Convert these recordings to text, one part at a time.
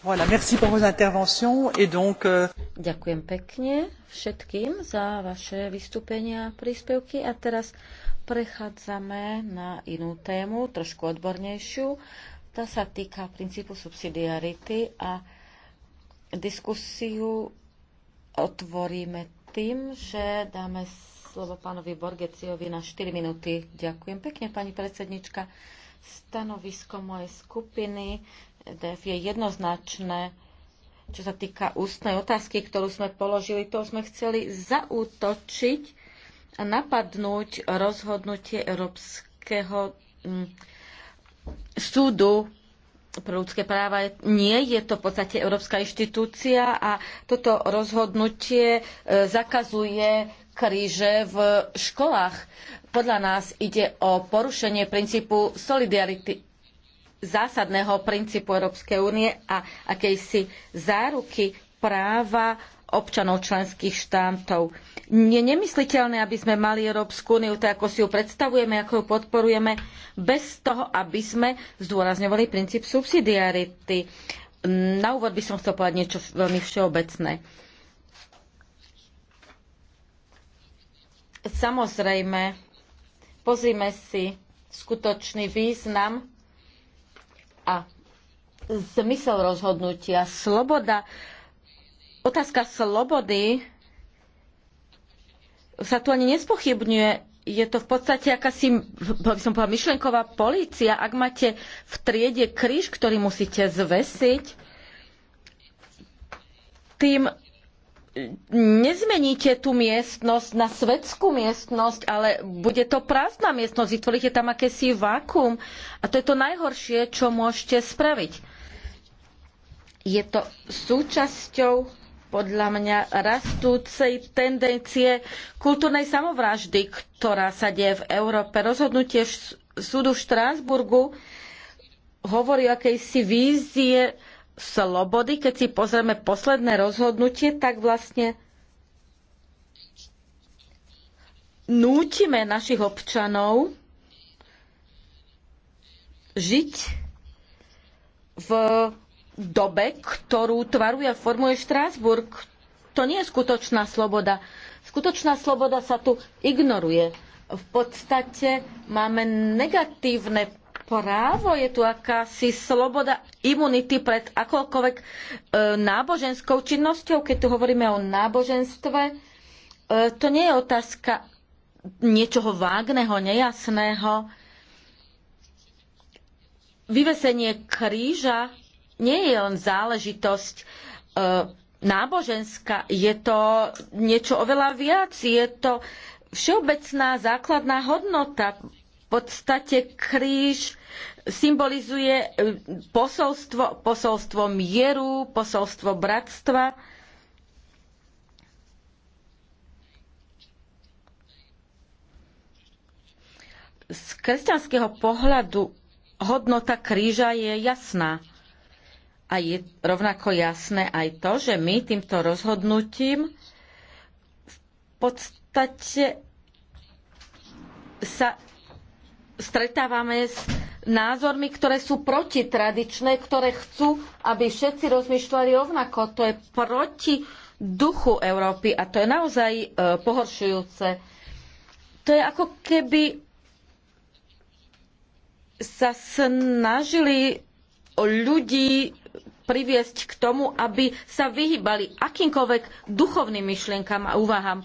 Euh, Ďakujem pekne všetkým za vaše vystúpenia a príspevky a teraz prechádzame na inú tému, trošku odbornejšiu. Tá sa týka princípu subsidiarity a diskusiu otvoríme tým, že dáme slovo pánovi Borgeciovi na 4 minúty. Ďakujem pekne, pani predsednička. Stanovisko mojej skupiny EDF je jednoznačné, čo sa týka ústnej otázky, ktorú sme položili, to sme chceli zaútočiť a napadnúť rozhodnutie Európskeho mm, súdu pre ľudské práva. Nie je to v podstate európska inštitúcia a toto rozhodnutie e, zakazuje kríže v školách. Podľa nás ide o porušenie princípu solidarity zásadného princípu Európskej únie a akejsi záruky práva občanov členských štátov. Je nemysliteľné, aby sme mali Európsku úniu, tak ako si ju predstavujeme, ako ju podporujeme, bez toho, aby sme zdôrazňovali princíp subsidiarity. Na úvod by som chcel povedať niečo veľmi všeobecné. Samozrejme, pozrime si skutočný význam a zmysel rozhodnutia, sloboda, otázka slobody sa tu ani nespochybňuje. Je to v podstate akási, by som povedala, myšlenková polícia. Ak máte v triede kríž, ktorý musíte zvesiť, tým nezmeníte tú miestnosť na svetskú miestnosť, ale bude to prázdna miestnosť, vytvoríte tam akési vákum a to je to najhoršie, čo môžete spraviť. Je to súčasťou podľa mňa rastúcej tendencie kultúrnej samovraždy, ktorá sa deje v Európe. Rozhodnutie súdu v Štrásburgu hovorí o akejsi vízie slobody, keď si pozrieme posledné rozhodnutie, tak vlastne nútime našich občanov žiť v dobe, ktorú tvaruje a formuje Štrásburg. To nie je skutočná sloboda. Skutočná sloboda sa tu ignoruje. V podstate máme negatívne právo, je tu akási sloboda imunity pred akoľkoľvek e, náboženskou činnosťou. Keď tu hovoríme o náboženstve, e, to nie je otázka niečoho vágneho, nejasného. Vyvesenie kríža nie je len záležitosť e, náboženská, je to niečo oveľa viac, je to všeobecná základná hodnota podstate kríž symbolizuje e, posolstvo, posolstvo mieru, posolstvo bratstva. Z kresťanského pohľadu hodnota kríža je jasná. A je rovnako jasné aj to, že my týmto rozhodnutím v podstate sa stretávame s názormi, ktoré sú protitradičné, ktoré chcú, aby všetci rozmýšľali rovnako. To je proti duchu Európy a to je naozaj e, pohoršujúce. To je ako keby sa snažili ľudí priviesť k tomu, aby sa vyhýbali akýmkoľvek duchovným myšlienkam a úvahám. E,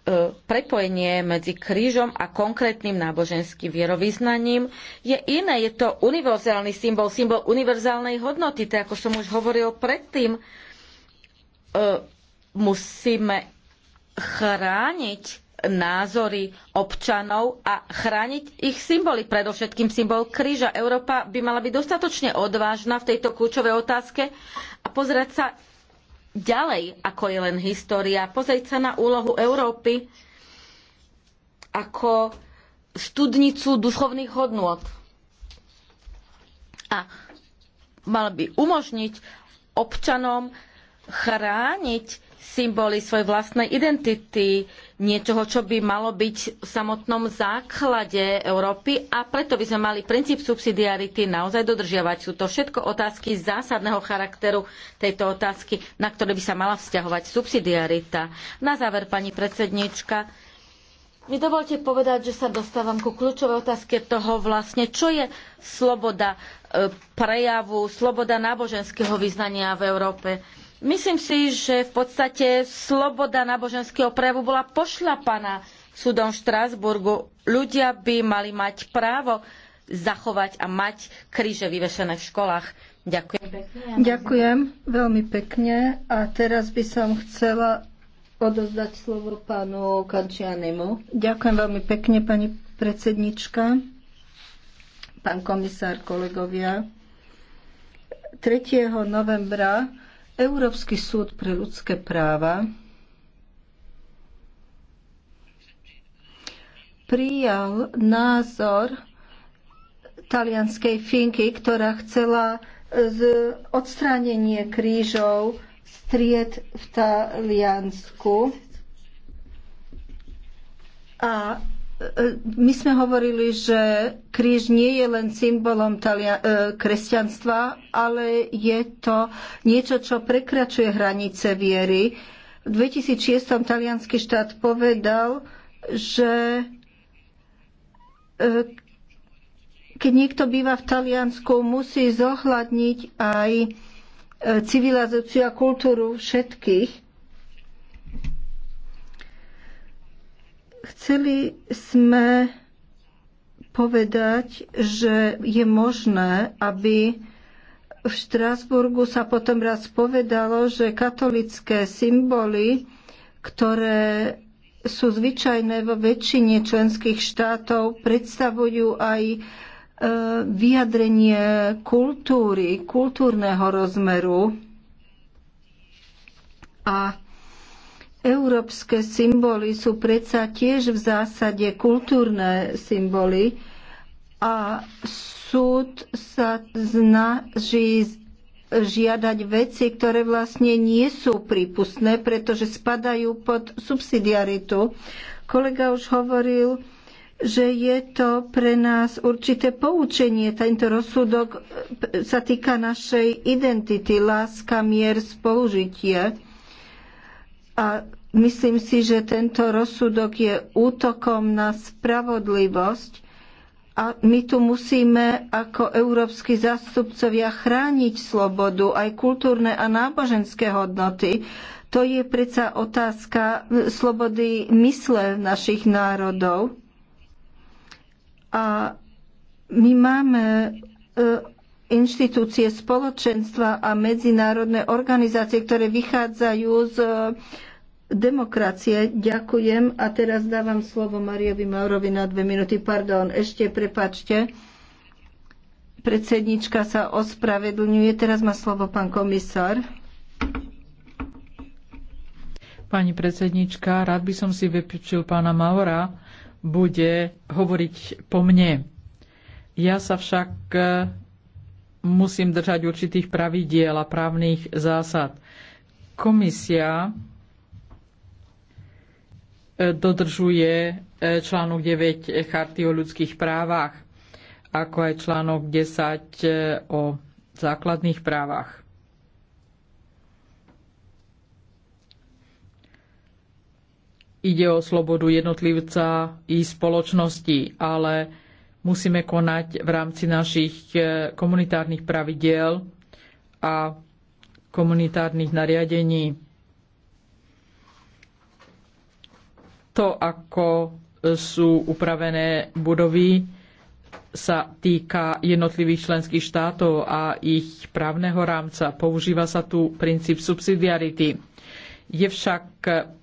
E, prepojenie medzi krížom a konkrétnym náboženským vierovýznaním je iné. Je to univerzálny symbol, symbol univerzálnej hodnoty. To, ako som už hovoril predtým, e, musíme chrániť názory občanov a chrániť ich symboly, predovšetkým symbol kríža. Európa by mala byť dostatočne odvážna v tejto kľúčovej otázke a pozrieť sa ďalej, ako je len história. Pozrieť sa na úlohu Európy ako studnicu duchovných hodnôt. A mal by umožniť občanom chrániť symboly svojej vlastnej identity, niečoho, čo by malo byť v samotnom základe Európy a preto by sme mali princíp subsidiarity naozaj dodržiavať. Sú to všetko otázky zásadného charakteru tejto otázky, na ktoré by sa mala vzťahovať subsidiarita. Na záver, pani predsednička, mi dovolte povedať, že sa dostávam ku kľúčovej otázke toho vlastne, čo je sloboda e, prejavu, sloboda náboženského vyznania v Európe Myslím si, že v podstate sloboda náboženského prejavu bola pošľapaná súdom v Štrásburgu. Ľudia by mali mať právo zachovať a mať kríže vyvešené v školách. Ďakujem Ďakujem veľmi pekne. A teraz by som chcela odozdať slovo pánu Kančianemu. Ďakujem veľmi pekne, pani predsednička, pán komisár, kolegovia. 3. novembra Európsky súd pre ľudské práva prijal názor talianskej finky, ktorá chcela z odstránenie krížov stried v Taliansku. A my sme hovorili, že kríž nie je len symbolom talia- e, kresťanstva, ale je to niečo, čo prekračuje hranice viery. V 2006 talianský štát povedal, že e, keď niekto býva v Taliansku, musí zohľadniť aj e, civilizáciu a kultúru všetkých Chceli sme povedať, že je možné, aby v Štrásburgu sa potom raz povedalo, že katolické symboly, ktoré sú zvyčajné vo väčšine členských štátov, predstavujú aj e, vyjadrenie kultúry, kultúrneho rozmeru. A Európske symboly sú predsa tiež v zásade kultúrne symboly a súd sa snaží žiadať veci, ktoré vlastne nie sú prípustné, pretože spadajú pod subsidiaritu. Kolega už hovoril, že je to pre nás určité poučenie. Tento rozsudok sa týka našej identity, láska, mier, spolužitie. A myslím si, že tento rozsudok je útokom na spravodlivosť a my tu musíme ako európsky zástupcovia chrániť slobodu, aj kultúrne a náboženské hodnoty. To je predsa otázka slobody mysle našich národov. A my máme e, inštitúcie spoločenstva a medzinárodné organizácie, ktoré vychádzajú z e, demokracie. Ďakujem a teraz dávam slovo Mariovi Maurovi na dve minúty. Pardon, ešte prepačte. Predsednička sa ospravedlňuje. Teraz má slovo pán komisár. Pani predsednička, rád by som si vypičil pána Maura. Bude hovoriť po mne. Ja sa však e, musím držať určitých pravidiel a právnych zásad. Komisia e, dodržuje e, článok 9 e, Charty o ľudských právach, ako aj článok 10 o základných právach. Ide o slobodu jednotlivca i spoločnosti, ale musíme konať v rámci našich e, komunitárnych pravidiel a komunitárnych nariadení. To, ako sú upravené budovy, sa týka jednotlivých členských štátov a ich právneho rámca. Používa sa tu princíp subsidiarity. Je však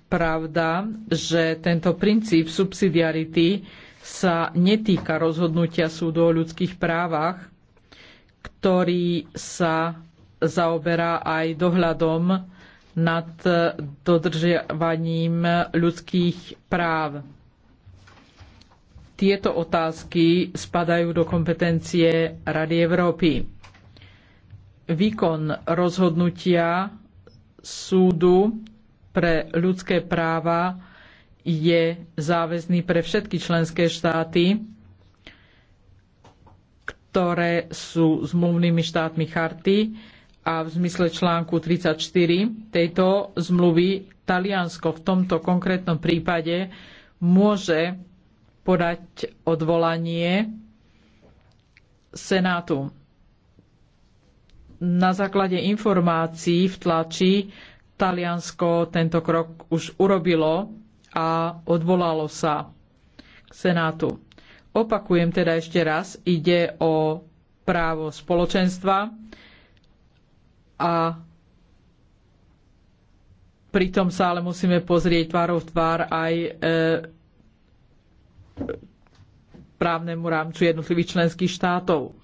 pravda, že tento princíp subsidiarity sa netýka rozhodnutia súdu o ľudských právach, ktorý sa zaoberá aj dohľadom nad dodržiavaním ľudských práv. Tieto otázky spadajú do kompetencie Rady Európy. Výkon rozhodnutia súdu pre ľudské práva je záväzný pre všetky členské štáty, ktoré sú zmluvnými štátmi charty a v zmysle článku 34 tejto zmluvy Taliansko v tomto konkrétnom prípade môže podať odvolanie Senátu. Na základe informácií v tlači Taliansko tento krok už urobilo a odvolalo sa k Senátu. Opakujem teda ešte raz, ide o právo spoločenstva a pritom sa ale musíme pozrieť tvárov v tvár aj e, právnemu rámcu jednotlivých členských štátov.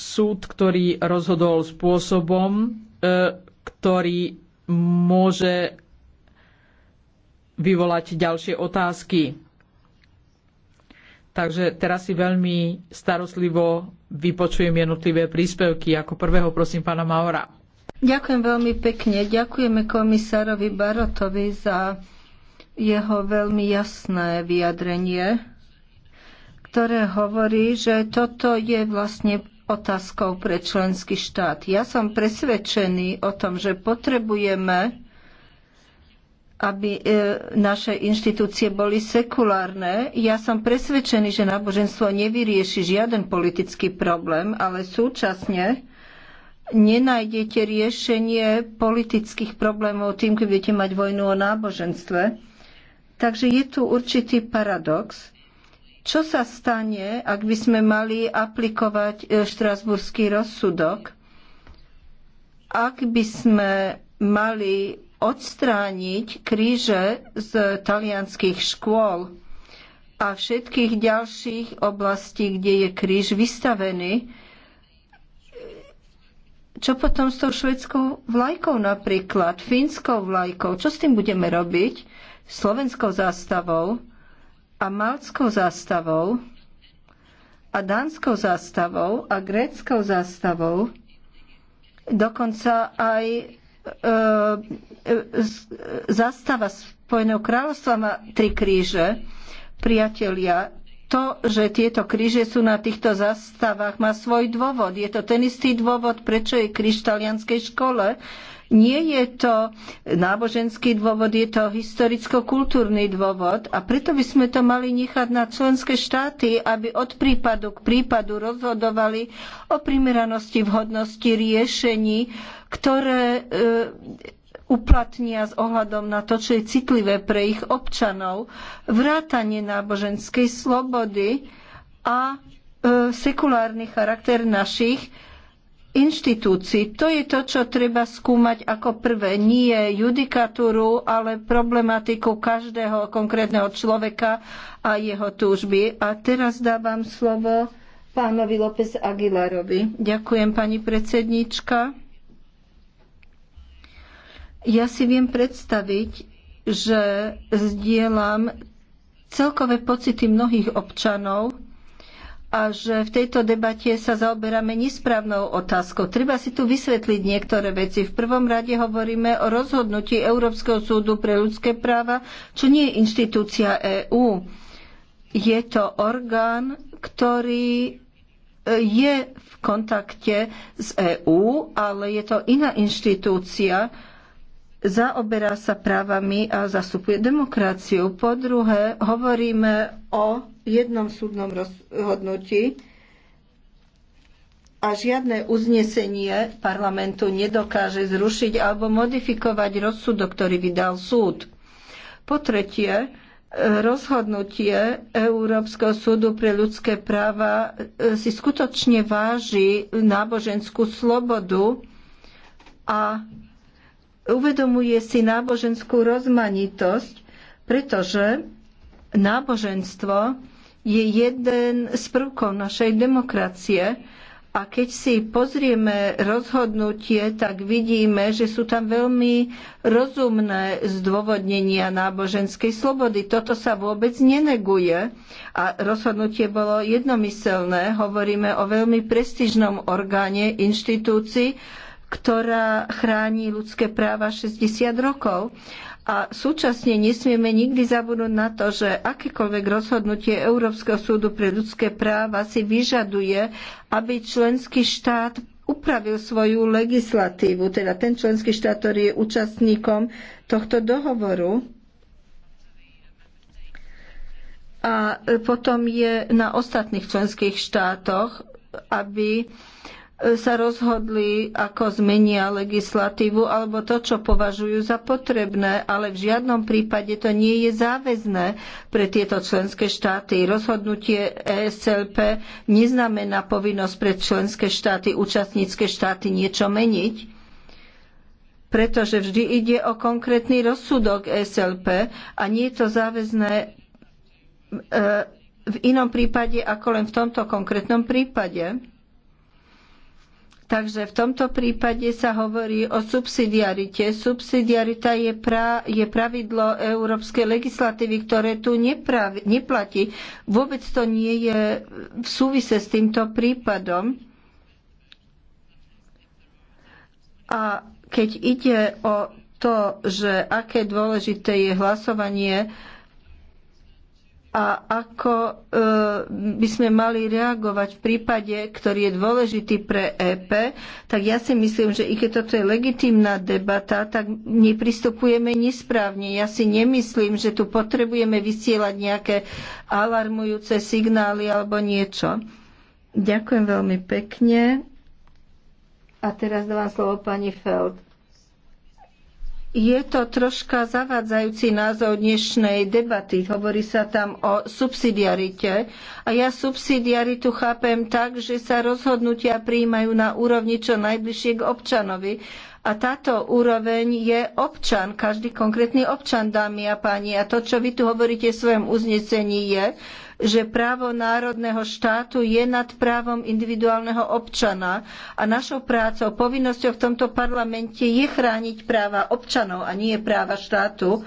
súd, ktorý rozhodol spôsobom, e, ktorý môže vyvolať ďalšie otázky. Takže teraz si veľmi starostlivo vypočujem jednotlivé príspevky. Ako prvého prosím pána Maura. Ďakujem veľmi pekne. Ďakujeme komisárovi Barotovi za jeho veľmi jasné vyjadrenie, ktoré hovorí, že toto je vlastne otázkou pre členský štát. Ja som presvedčený o tom, že potrebujeme, aby e, naše inštitúcie boli sekulárne. Ja som presvedčený, že náboženstvo nevyrieši žiaden politický problém, ale súčasne nenájdete riešenie politických problémov tým, keď budete mať vojnu o náboženstve. Takže je tu určitý paradox, čo sa stane, ak by sme mali aplikovať e, štrasburský rozsudok? Ak by sme mali odstrániť kríže z talianských škôl a všetkých ďalších oblastí, kde je kríž vystavený, e, čo potom s tou švedskou vlajkou napríklad, fínskou vlajkou? Čo s tým budeme robiť? Slovenskou zástavou? a malckou zástavou a dánskou zástavou a gréckou zástavou, dokonca aj e, e, zástava Spojeného kráľovstva má tri kríže. Priatelia, to, že tieto kríže sú na týchto zastavách, má svoj dôvod. Je to ten istý dôvod, prečo je kríž v talianskej škole, nie je to náboženský dôvod, je to historicko-kultúrny dôvod a preto by sme to mali nechať na členské štáty, aby od prípadu k prípadu rozhodovali o primeranosti, vhodnosti riešení, ktoré e, uplatnia s ohľadom na to, čo je citlivé pre ich občanov, vrátanie náboženskej slobody a e, sekulárny charakter našich inštitúcií. To je to, čo treba skúmať ako prvé. Nie judikatúru, ale problematiku každého konkrétneho človeka a jeho túžby. A teraz dávam slovo pánovi López Aguilarovi. Ďakujem, pani predsednička. Ja si viem predstaviť, že zdieľam celkové pocity mnohých občanov, a že v tejto debate sa zaoberáme nesprávnou otázkou. Treba si tu vysvetliť niektoré veci. V prvom rade hovoríme o rozhodnutí Európskeho súdu pre ľudské práva, čo nie je inštitúcia EÚ. Je to orgán, ktorý e, je v kontakte s EÚ, ale je to iná inštitúcia, zaoberá sa právami a zastupuje demokraciu. Po druhé, hovoríme o jednom súdnom rozhodnutí a žiadne uznesenie parlamentu nedokáže zrušiť alebo modifikovať rozsudok, ktorý vydal súd. Po tretie, e, rozhodnutie Európskeho súdu pre ľudské práva e, si skutočne váži náboženskú slobodu a uvedomuje si náboženskú rozmanitosť, pretože náboženstvo je jeden z prvkov našej demokracie. A keď si pozrieme rozhodnutie, tak vidíme, že sú tam veľmi rozumné zdôvodnenia náboženskej slobody. Toto sa vôbec neneguje. A rozhodnutie bolo jednomyselné. Hovoríme o veľmi prestížnom orgáne inštitúcii, ktorá chráni ľudské práva 60 rokov. A súčasne nesmieme nikdy zabudnúť na to, že akékoľvek rozhodnutie Európskeho súdu pre ľudské práva si vyžaduje, aby členský štát upravil svoju legislatívu, teda ten členský štát, ktorý je účastníkom tohto dohovoru. A potom je na ostatných členských štátoch, aby sa rozhodli, ako zmenia legislatívu alebo to, čo považujú za potrebné, ale v žiadnom prípade to nie je záväzné pre tieto členské štáty. Rozhodnutie ESLP neznamená povinnosť pre členské štáty, účastnícke štáty niečo meniť pretože vždy ide o konkrétny rozsudok e SLP a nie je to záväzné e, v inom prípade ako len v tomto konkrétnom prípade. Takže v tomto prípade sa hovorí o subsidiarite. Subsidiarita je, pra, je pravidlo európskej legislatívy, ktoré tu neprav, neplatí. Vôbec to nie je v súvise s týmto prípadom. A keď ide o to, že aké dôležité je hlasovanie, a ako e, by sme mali reagovať v prípade, ktorý je dôležitý pre EP, tak ja si myslím, že i keď toto je legitimná debata, tak nepristupujeme nesprávne. Ja si nemyslím, že tu potrebujeme vysielať nejaké alarmujúce signály alebo niečo. Ďakujem veľmi pekne. A teraz dávam slovo pani Feld. Je to troška zavádzajúci názov dnešnej debaty. Hovorí sa tam o subsidiarite. A ja subsidiaritu chápem tak, že sa rozhodnutia príjmajú na úrovni čo najbližšie k občanovi. A táto úroveň je občan, každý konkrétny občan, dámy a páni. A to, čo vy tu hovoríte v svojom uznesení, je, že právo národného štátu je nad právom individuálneho občana a našou prácou, povinnosťou v tomto parlamente je chrániť práva občanov a nie práva štátu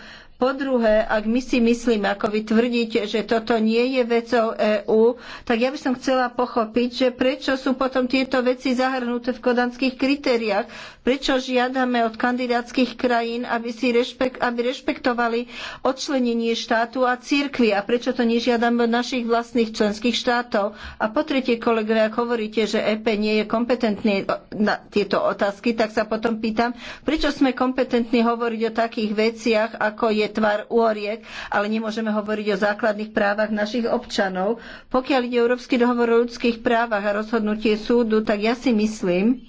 po druhé, ak my si myslíme, ako vy tvrdíte, že toto nie je vecou EÚ, tak ja by som chcela pochopiť, že prečo sú potom tieto veci zahrnuté v kodanských kritériách, prečo žiadame od kandidátskych krajín, aby, si aby rešpektovali odčlenenie štátu a cirkvi a prečo to nežiadame od našich vlastných členských štátov. A po tretie, kolegovia, ak hovoríte, že EP nie je kompetentný na tieto otázky, tak sa potom pýtam, prečo sme kompetentní hovoriť o takých veciach, ako je tvar úoriek, ale nemôžeme hovoriť o základných právach našich občanov. Pokiaľ ide Európsky dohovor o ľudských právach a rozhodnutie súdu, tak ja si myslím,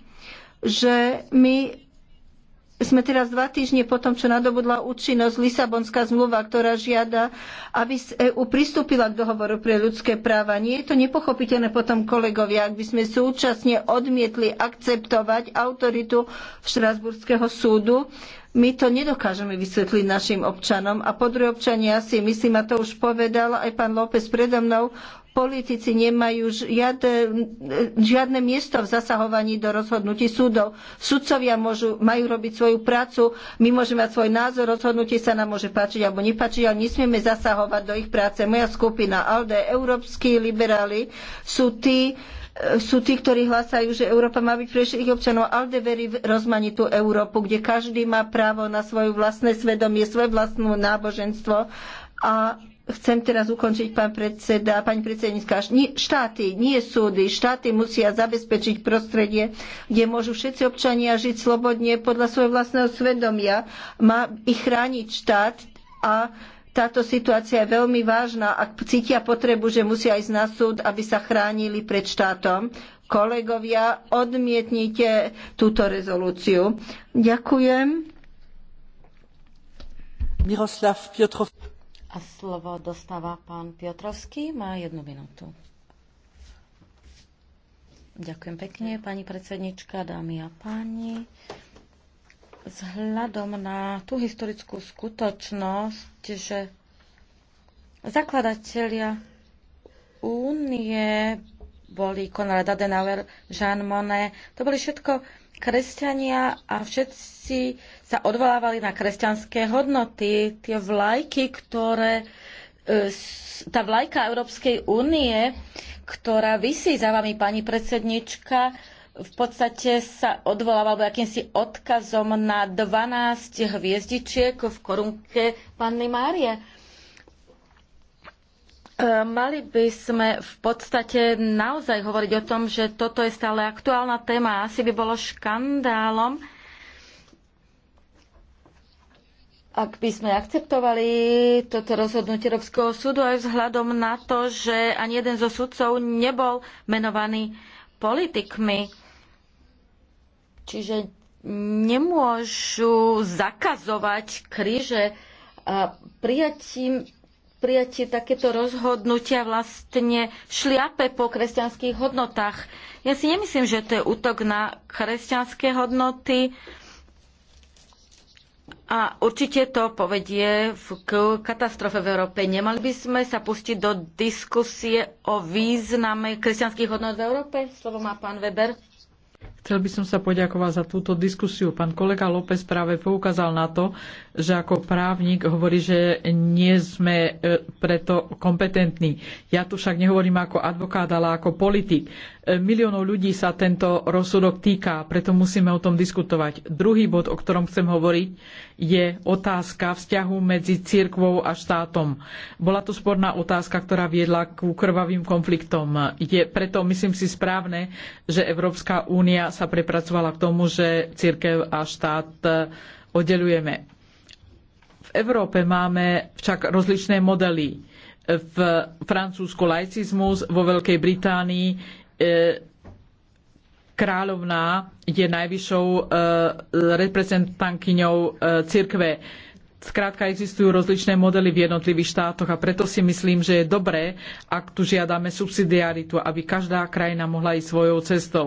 že my sme teraz dva týždne po tom, čo nadobudla účinnosť Lisabonská zmluva, ktorá žiada, aby EU pristúpila k dohovoru pre ľudské práva. Nie je to nepochopiteľné potom, kolegovia, ak by sme súčasne odmietli akceptovať autoritu Štrasburského súdu my to nedokážeme vysvetliť našim občanom. A podruhé občania si, myslím, a to už povedal aj pán López predo mnou, politici nemajú žiadne, žiadne miesto v zasahovaní do rozhodnutí súdov. Sudcovia môžu, majú robiť svoju prácu, my môžeme mať svoj názor, rozhodnutie sa nám môže páčiť alebo nepáčiť, ale nesmieme zasahovať do ich práce. Moja skupina ALDE, európsky liberáli sú tí, sú tí, ktorí hlasajú, že Európa má byť pre všetkých občanov. ale verí v rozmanitú Európu, kde každý má právo na svoje vlastné svedomie, svoje vlastné náboženstvo. A chcem teraz ukončiť, pán predseda, pani predsedníčka, štáty, nie súdy. Štáty musia zabezpečiť prostredie, kde môžu všetci občania žiť slobodne podľa svojho vlastného svedomia. Má ich chrániť štát a táto situácia je veľmi vážna, a cítia potrebu, že musia ísť na súd, aby sa chránili pred štátom. Kolegovia, odmietnite túto rezolúciu. Ďakujem. Miroslav Piotrov. A slovo dostáva pán Piotrovský, má jednu minútu. Ďakujem pekne, pani predsednička, dámy a páni vzhľadom na tú historickú skutočnosť, že zakladatelia únie boli Konrad Adenauer, Jean Monnet, to boli všetko kresťania a všetci sa odvolávali na kresťanské hodnoty, tie vlajky, ktoré e, tá vlajka Európskej únie, ktorá vysí za vami, pani predsednička, v podstate sa alebo akýmsi odkazom na 12 hviezdičiek v korunke Panny Márie. E, mali by sme v podstate naozaj hovoriť o tom, že toto je stále aktuálna téma a asi by bolo škandálom, ak by sme akceptovali toto rozhodnutie Európskeho súdu aj vzhľadom na to, že ani jeden zo sudcov nebol menovaný politikmi Čiže nemôžu zakazovať kríže e, prijatím prijatie takéto rozhodnutia vlastne šliape po kresťanských hodnotách. Ja si nemyslím, že to je útok na kresťanské hodnoty a určite to povedie k katastrofe v Európe. Nemali by sme sa pustiť do diskusie o význame kresťanských hodnot v Európe? Slovo má pán Weber. Chcel by som sa poďakovať za túto diskusiu. Pán kolega López práve poukázal na to, že ako právnik hovorí, že nie sme e, preto kompetentní. Ja tu však nehovorím ako advokát, ale ako politik miliónov ľudí sa tento rozsudok týka, preto musíme o tom diskutovať. Druhý bod, o ktorom chcem hovoriť, je otázka vzťahu medzi cirkvou a štátom. Bola to sporná otázka, ktorá viedla k krvavým konfliktom. Je preto, myslím si, správne, že Európska únia sa prepracovala k tomu, že cirkev a štát e, oddelujeme. V Európe máme však rozličné modely v Francúzsku laicizmus, vo Veľkej Británii E, kráľovná je najvyššou e, reprezentantkyňou e, cirkve. Zkrátka existujú rozličné modely v jednotlivých štátoch a preto si myslím, že je dobré, ak tu žiadame subsidiaritu, aby každá krajina mohla ísť svojou cestou.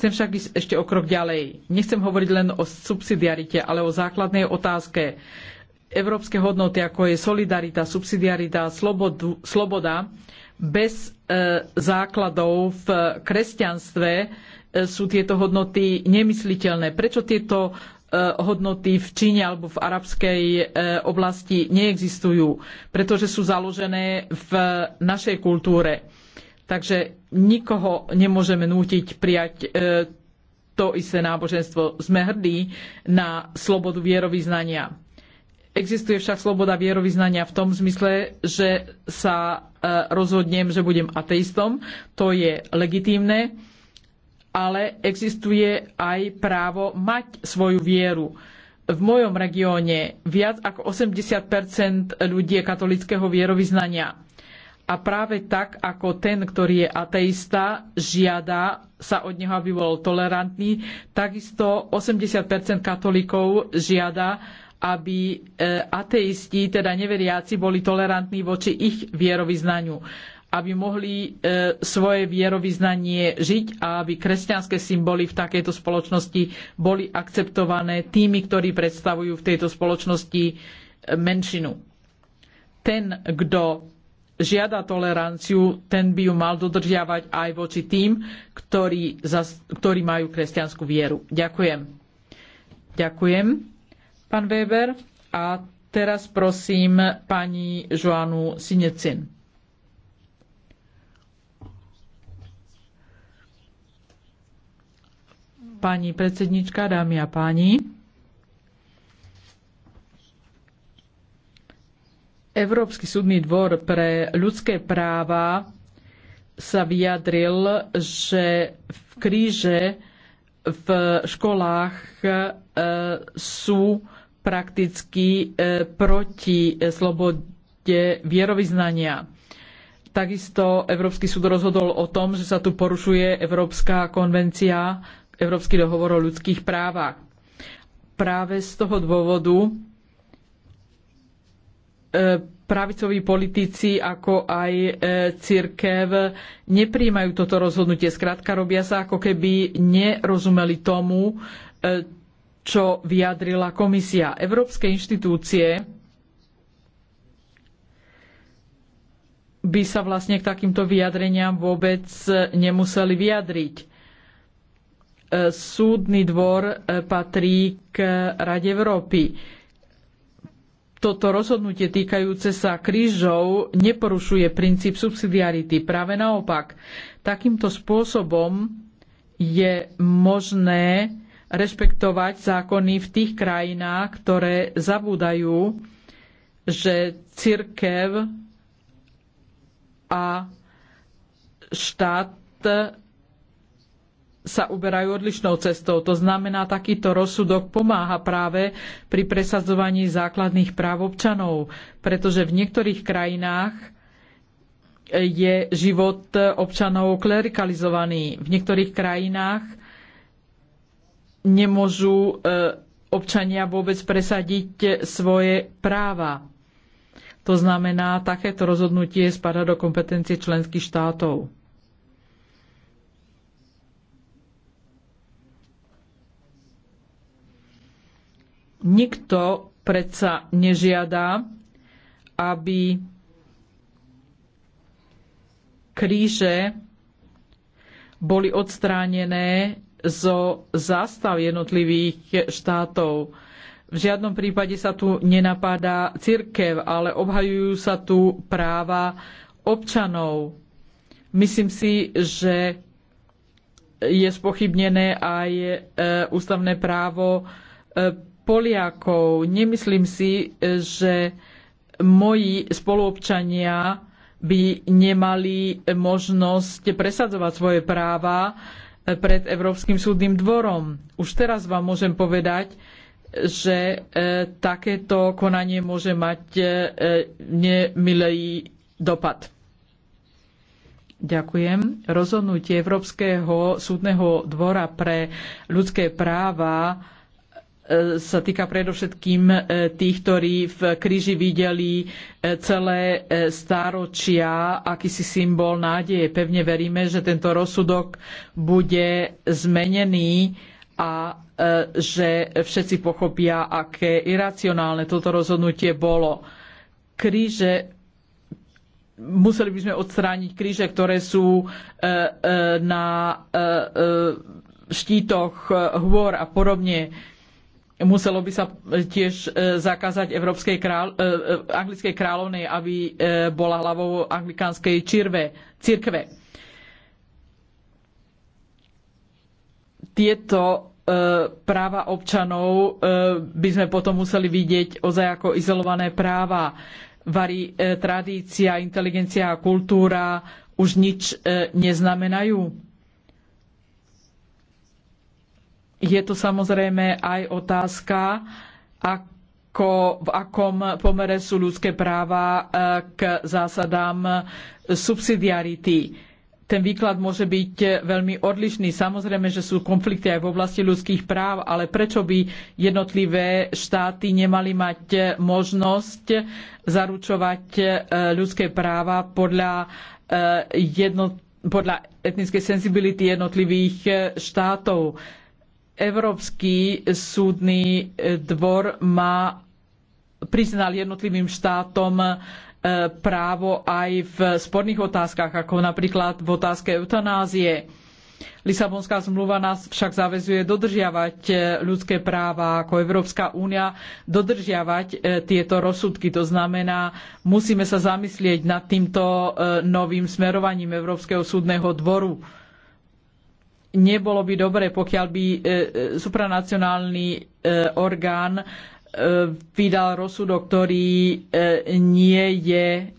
Chcem však ísť ešte o krok ďalej. Nechcem hovoriť len o subsidiarite, ale o základnej otázke. Európske hodnoty, ako je solidarita, subsidiarita, slobodu, sloboda, bez e, základov v kresťanstve e, sú tieto hodnoty nemysliteľné. Prečo tieto e, hodnoty v Číne alebo v arabskej oblasti neexistujú, pretože sú založené v našej kultúre. Takže nikoho nemôžeme nútiť prijať to isté náboženstvo. Sme hrdí na slobodu vierovýznania. Existuje však sloboda vierovýznania v tom zmysle, že sa e, rozhodnem, že budem ateistom. To je legitímne, ale existuje aj právo mať svoju vieru. V mojom regióne viac ako 80 ľudí je katolického vierovýznania. A práve tak, ako ten, ktorý je ateista, žiada sa od neho, aby bol tolerantný, takisto 80 katolíkov žiada, aby e, ateisti, teda neveriaci, boli tolerantní voči ich vierovyznaniu aby mohli e, svoje vierovyznanie žiť a aby kresťanské symboly v takejto spoločnosti boli akceptované tými, ktorí predstavujú v tejto spoločnosti e, menšinu. Ten, kto žiada toleranciu, ten by ju mal dodržiavať aj voči tým, ktorí, ktorí majú kresťanskú vieru. Ďakujem. Ďakujem pán Weber. A teraz prosím pani Joanu Sinecin. Pani predsednička, dámy a páni. Európsky súdny dvor pre ľudské práva sa vyjadril, že v kríže v školách e, sú prakticky e, proti e, slobode vierovyznania. Takisto Európsky súd rozhodol o tom, že sa tu porušuje Európska konvencia, Európsky dohovor o ľudských právach. Práve z toho dôvodu e, pravicoví politici, ako aj cirkev, nepríjmajú toto rozhodnutie. Skrátka, robia sa, ako keby nerozumeli tomu, čo vyjadrila komisia. Európske inštitúcie by sa vlastne k takýmto vyjadreniam vôbec nemuseli vyjadriť. E, súdny dvor e, patrí k Rade Európy. Toto rozhodnutie týkajúce sa krížov neporušuje princíp subsidiarity. Práve naopak, takýmto spôsobom je možné rešpektovať zákony v tých krajinách, ktoré zabúdajú, že cirkev a štát sa uberajú odlišnou cestou. To znamená, takýto rozsudok pomáha práve pri presadzovaní základných práv občanov, pretože v niektorých krajinách je život občanov klerikalizovaný. V niektorých krajinách nemôžu e, občania vôbec presadiť svoje práva. To znamená, takéto rozhodnutie spada do kompetencie členských štátov. Nikto predsa nežiada, aby kríže boli odstránené zo zástav jednotlivých štátov. V žiadnom prípade sa tu nenapadá cirkev, ale obhajujú sa tu práva občanov. Myslím si, že je spochybnené aj e, ústavné právo e, Poliakov. Nemyslím si, že moji spoluobčania by nemali možnosť presadzovať svoje práva pred Európskym súdnym dvorom. Už teraz vám môžem povedať, že e, takéto konanie môže mať e, e, nemilý dopad. Ďakujem. Rozhodnutie Európskeho súdneho dvora pre ľudské práva E, sa týka predovšetkým e, tých, ktorí v kríži videli e, celé stáročia, akýsi symbol nádeje. Pevne veríme, že tento rozsudok bude zmenený a že všetci pochopia, aké iracionálne toto rozhodnutie bolo. Kríže museli by sme odstrániť kríže, ktoré sú na štítoch hôr a podobne Muselo by sa e, tiež e, zakázať Európskej e, anglickej kráľovnej, aby bola hlavou anglikánskej čirve, cirkve. Tieto práva občanov by sme potom museli vidieť ozaj ako izolované práva. Vari tradícia, inteligencia a kultúra už nič neznamenajú Je to samozrejme aj otázka, ako, v akom pomere sú ľudské práva e, k zásadám subsidiarity ten výklad môže byť veľmi odlišný. Samozrejme, že sú konflikty aj v oblasti ľudských práv, ale prečo by jednotlivé štáty nemali mať možnosť zaručovať e, ľudské práva podľa, e, jedno, podľa etnickej senzibility jednotlivých štátov? Európsky súdny e, dvor má priznal jednotlivým štátom e, právo aj v sporných otázkach, ako napríklad v otázke eutanázie. Lisabonská zmluva nás však zavezuje dodržiavať e, ľudské práva ako Európska únia, dodržiavať tieto rozsudky. To znamená, musíme sa zamyslieť nad týmto novým smerovaním Európskeho súdneho dvoru nebolo by dobre, pokiaľ by e, e, supranacionálny e, orgán vydal rozsudok, ktorý nie je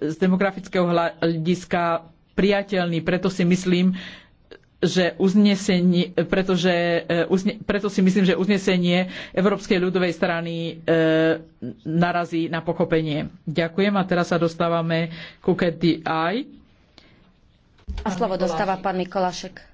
z demografického hľadiska priateľný. Preto si myslím, že uznesenie, pretože, preto si myslím, že uznesenie Európskej ľudovej strany narazí na pochopenie. Ďakujem a teraz sa dostávame ku KDI. A slovo dostáva pán Mikolášek.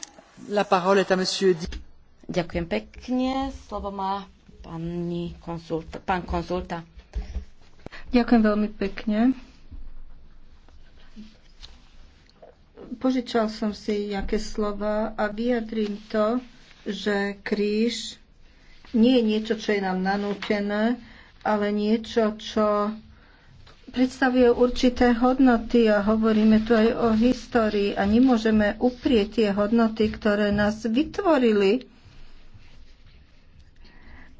Ďakujem pekne. Slovo má pani konsulta, pán konzulta. Ďakujem veľmi pekne. Požičal som si nejaké slova a vyjadrím to, že kríž nie je niečo, čo je nám nanútené, ale niečo, čo predstavuje určité hodnoty a hovoríme tu aj o histórii a nemôžeme uprieť tie hodnoty, ktoré nás vytvorili.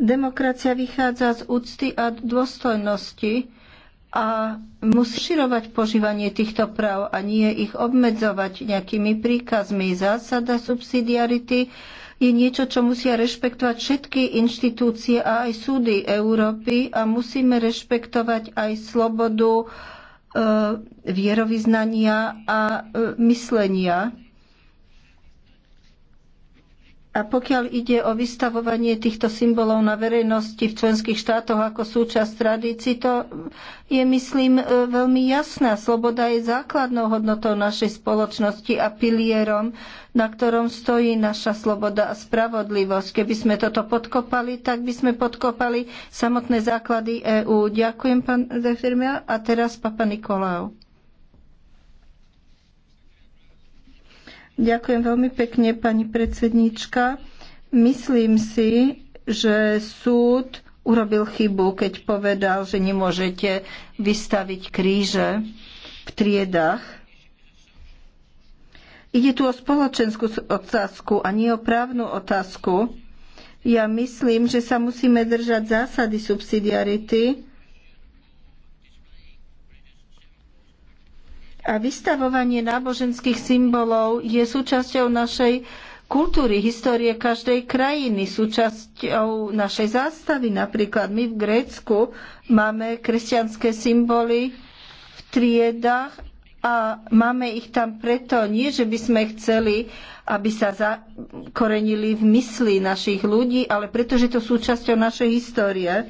Demokracia vychádza z úcty a dôstojnosti a musí širovať požívanie týchto práv a nie ich obmedzovať nejakými príkazmi. Zásada subsidiarity je niečo, čo musia rešpektovať všetky inštitúcie a aj súdy Európy a musíme rešpektovať aj slobodu e, vierovýznania a e, myslenia. A pokiaľ ide o vystavovanie týchto symbolov na verejnosti v členských štátoch ako súčasť tradícií, to je, myslím, e, veľmi jasné. Sloboda je základnou hodnotou našej spoločnosti a pilierom, na ktorom stojí naša sloboda a spravodlivosť. Keby sme toto podkopali, tak by sme podkopali samotné základy EÚ. Ďakujem, pán Defirmia. A teraz Papa Nikolau. Ďakujem veľmi pekne, pani predsedníčka. Myslím si, že súd urobil chybu, keď povedal, že nemôžete vystaviť kríže v triedách. Ide tu o spoločenskú otázku a nie o právnu otázku. Ja myslím, že sa musíme držať zásady subsidiarity A vystavovanie náboženských symbolov je súčasťou našej kultúry, histórie každej krajiny, súčasťou našej zástavy. Napríklad my v Grécku máme kresťanské symboly v triedách a máme ich tam preto, nie že by sme chceli, aby sa zakorenili v mysli našich ľudí, ale pretože to súčasťou našej histórie.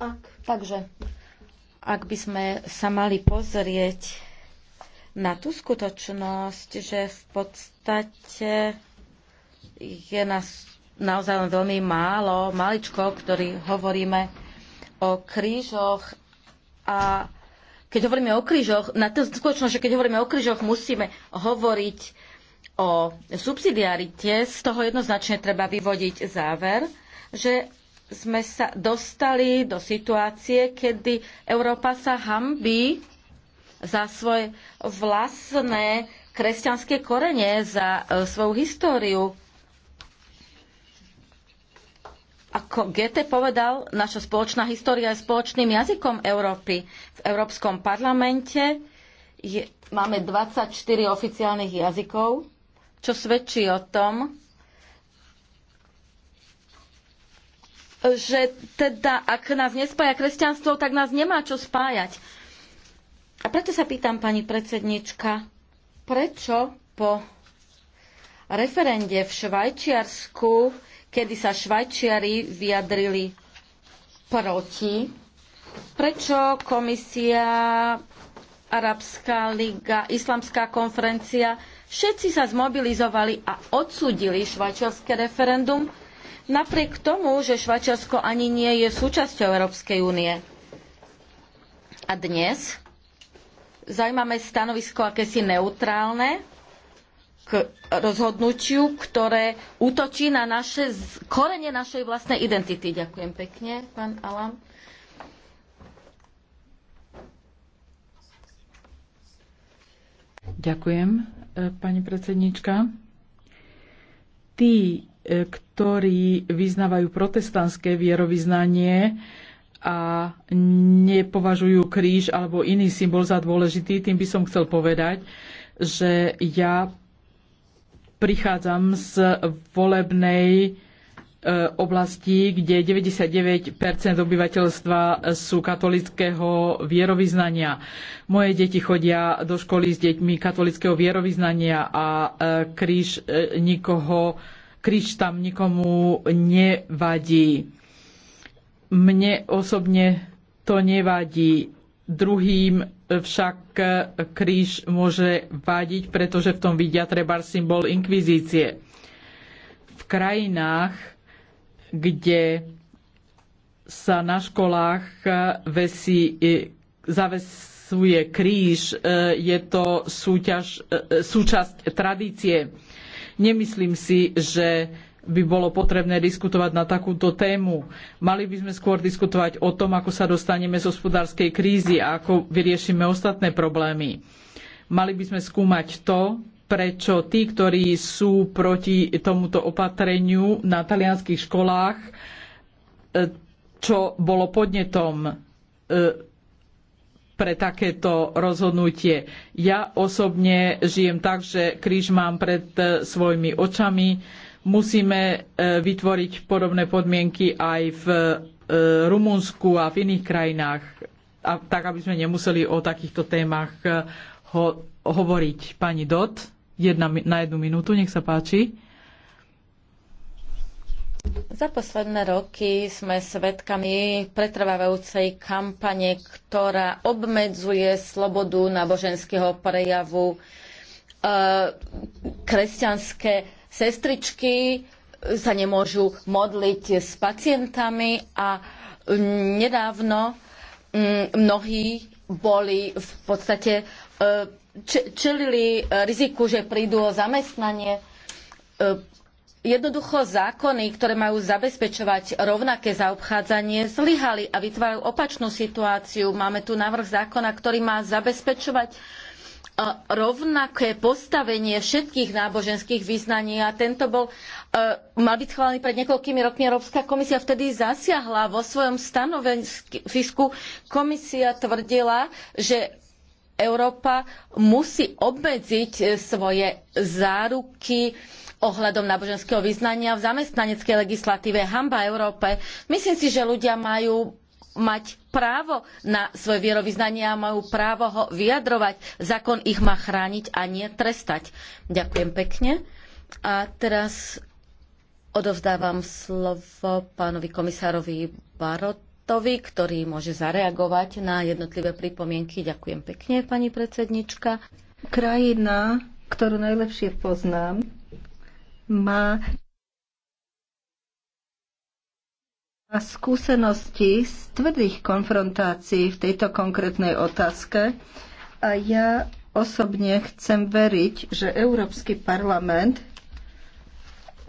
Ak. Takže, ak by sme sa mali pozrieť na tú skutočnosť, že v podstate je nás naozaj len veľmi málo, maličko, ktorý hovoríme o krížoch a keď hovoríme o krížoch, na to skutočnosť, že keď hovoríme o krížoch, musíme hovoriť o subsidiarite, z toho jednoznačne treba vyvodiť záver, že sme sa dostali do situácie, kedy Európa sa hambí za svoje vlastné kresťanské korene, za e, svoju históriu. Ako Goethe povedal, naša spoločná história je spoločným jazykom Európy. V Európskom parlamente je, máme 24 oficiálnych jazykov, čo svedčí o tom, že teda ak nás nespája kresťanstvo, tak nás nemá čo spájať. A preto sa pýtam, pani predsednička, prečo po referende v Švajčiarsku, kedy sa Švajčiari vyjadrili proti, prečo komisia, Arabská liga, Islamská konferencia, všetci sa zmobilizovali a odsudili švajčiarske referendum, napriek tomu, že Švajčiarsko ani nie je súčasťou Európskej únie. A dnes zaujímame stanovisko akési neutrálne k rozhodnutiu, ktoré útočí na naše korene našej vlastnej identity. Ďakujem pekne, pán Alam. Ďakujem, e, pani predsednička. Tí, ktorí vyznávajú protestantské vierovýznanie a nepovažujú kríž alebo iný symbol za dôležitý, tým by som chcel povedať, že ja prichádzam z volebnej e, oblasti, kde 99% obyvateľstva sú katolického vierovýznania. Moje deti chodia do školy s deťmi katolického vierovýznania a e, kríž e, nikoho Kríž tam nikomu nevadí. Mne osobne to nevadí. Druhým však kríž môže vadiť, pretože v tom vidia treba symbol inkvizície. V krajinách, kde sa na školách vesí, zavesuje kríž, je to súťaž, súčasť tradície Nemyslím si, že by bolo potrebné diskutovať na takúto tému. Mali by sme skôr diskutovať o tom, ako sa dostaneme z hospodárskej krízy a ako vyriešime ostatné problémy. Mali by sme skúmať to, prečo tí, ktorí sú proti tomuto opatreniu na talianskych školách, e, čo bolo podnetom e, pre takéto rozhodnutie. Ja osobne žijem tak, že kríž mám pred e, svojimi očami. Musíme e, vytvoriť podobné podmienky aj v e, Rumunsku a v iných krajinách, a tak aby sme nemuseli o takýchto témach ho hovoriť. Pani Dot, jedna, na jednu minútu, nech sa páči. Za posledné roky sme svedkami pretrvávajúcej kampane, ktorá obmedzuje slobodu náboženského prejavu. E, kresťanské sestričky sa nemôžu modliť s pacientami a nedávno mnohí boli v podstate e, čelili riziku, že prídu o zamestnanie e, Jednoducho zákony, ktoré majú zabezpečovať rovnaké zaobchádzanie, zlyhali a vytvárajú opačnú situáciu. Máme tu návrh zákona, ktorý má zabezpečovať e, rovnaké postavenie všetkých náboženských vyznaní a tento bol, e, mal byť schválený pred niekoľkými rokmi. Európska komisia vtedy zasiahla vo svojom stanovisku. Komisia tvrdila, že Európa musí obmedziť e, svoje záruky ohľadom náboženského vyznania v zamestnaneckej legislatíve. Hamba Európe. Myslím si, že ľudia majú mať právo na svoje vierovýznanie a majú právo ho vyjadrovať. Zákon ich má chrániť a nie trestať. Ďakujem pekne. A teraz odovzdávam slovo pánovi komisárovi Barotovi, ktorý môže zareagovať na jednotlivé pripomienky. Ďakujem pekne, pani predsednička. Krajina, ktorú najlepšie poznám, má skúsenosti z tvrdých konfrontácií v tejto konkrétnej otázke a ja osobne chcem veriť, že Európsky parlament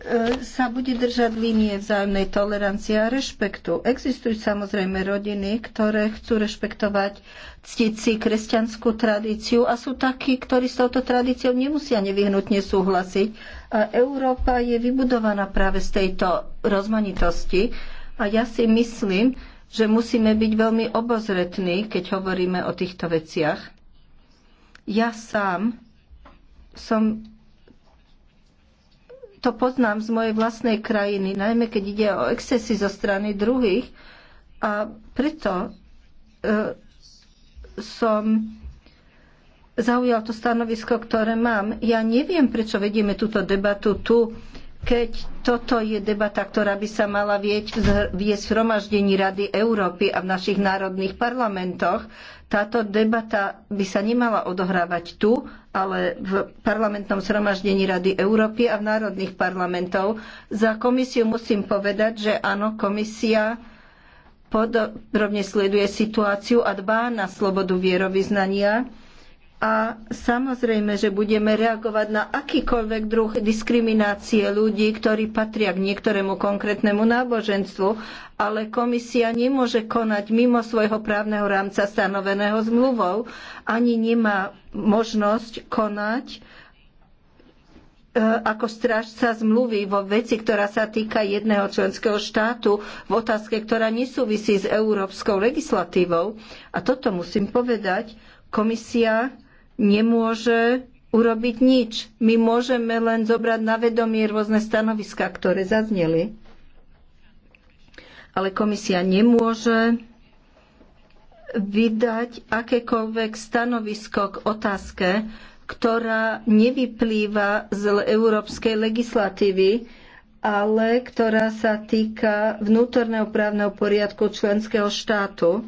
E, sa bude držať línie vzájomnej tolerancie a rešpektu. Existujú samozrejme rodiny, ktoré chcú rešpektovať ctiť si kresťanskú tradíciu a sú takí, ktorí s touto tradíciou nemusia nevyhnutne súhlasiť. A Európa je vybudovaná práve z tejto rozmanitosti a ja si myslím, že musíme byť veľmi obozretní, keď hovoríme o týchto veciach. Ja sám som to poznám z mojej vlastnej krajiny, najmä keď ide o excesy zo strany druhých. A preto e, som zaujal to stanovisko, ktoré mám. Ja neviem, prečo vedieme túto debatu tu. E, keď toto je debata, ktorá by sa mala vieť, viesť v hromaždení Rady Európy a v našich národných parlamentoch. Táto debata by sa nemala odohrávať tu, ale v parlamentnom zhromaždení Rady Európy a v národných parlamentov. Za komisiu musím povedať, že áno, komisia podrobne sleduje situáciu a dbá na slobodu vierovýznania a samozrejme, že budeme reagovať na akýkoľvek druh diskriminácie ľudí, ktorí patria k niektorému konkrétnemu náboženstvu, ale komisia nemôže konať mimo svojho právneho rámca stanoveného zmluvou, ani nemá možnosť konať e, ako strážca zmluvy vo veci, ktorá sa týka jedného členského štátu v otázke, ktorá nesúvisí s európskou legislatívou. A toto musím povedať, komisia nemôže urobiť nič. My môžeme len zobrať na vedomie rôzne stanoviska, ktoré zazneli. Ale komisia nemôže vydať akékoľvek stanovisko k otázke, ktorá nevyplýva z európskej legislatívy, ale ktorá sa týka vnútorného právneho poriadku členského štátu.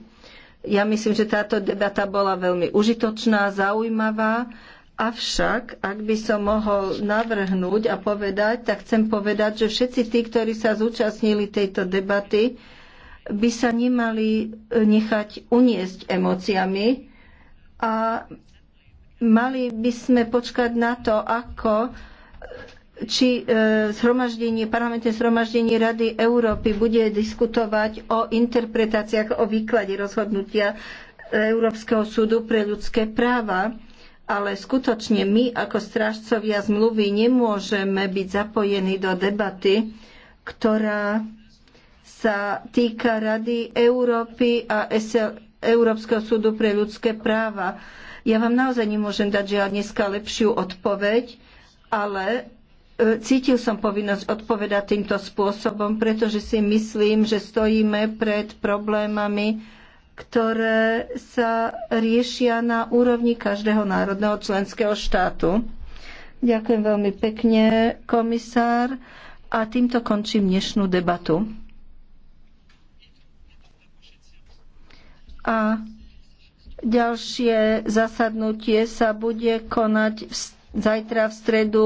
Ja myslím, že táto debata bola veľmi užitočná, zaujímavá, avšak, ak by som mohol navrhnúť a povedať, tak chcem povedať, že všetci tí, ktorí sa zúčastnili tejto debaty, by sa nemali e, nechať uniesť emóciami a mali by sme počkať na to, ako či e, zhromaždenie, parlamentné zhromaždenie Rady Európy bude diskutovať o interpretáciách, o výklade rozhodnutia Európskeho súdu pre ľudské práva. Ale skutočne my ako strážcovia zmluvy nemôžeme byť zapojení do debaty, ktorá sa týka Rady Európy a Európskeho súdu pre ľudské práva. Ja vám naozaj nemôžem dať žiaľ dneska lepšiu odpoveď, ale E, cítil som povinnosť odpovedať týmto spôsobom, pretože si myslím, že stojíme pred problémami, ktoré sa riešia na úrovni každého národného členského štátu. Ďakujem veľmi pekne, komisár. A týmto končím dnešnú debatu. A ďalšie zasadnutie sa bude konať v zajtra v stredu.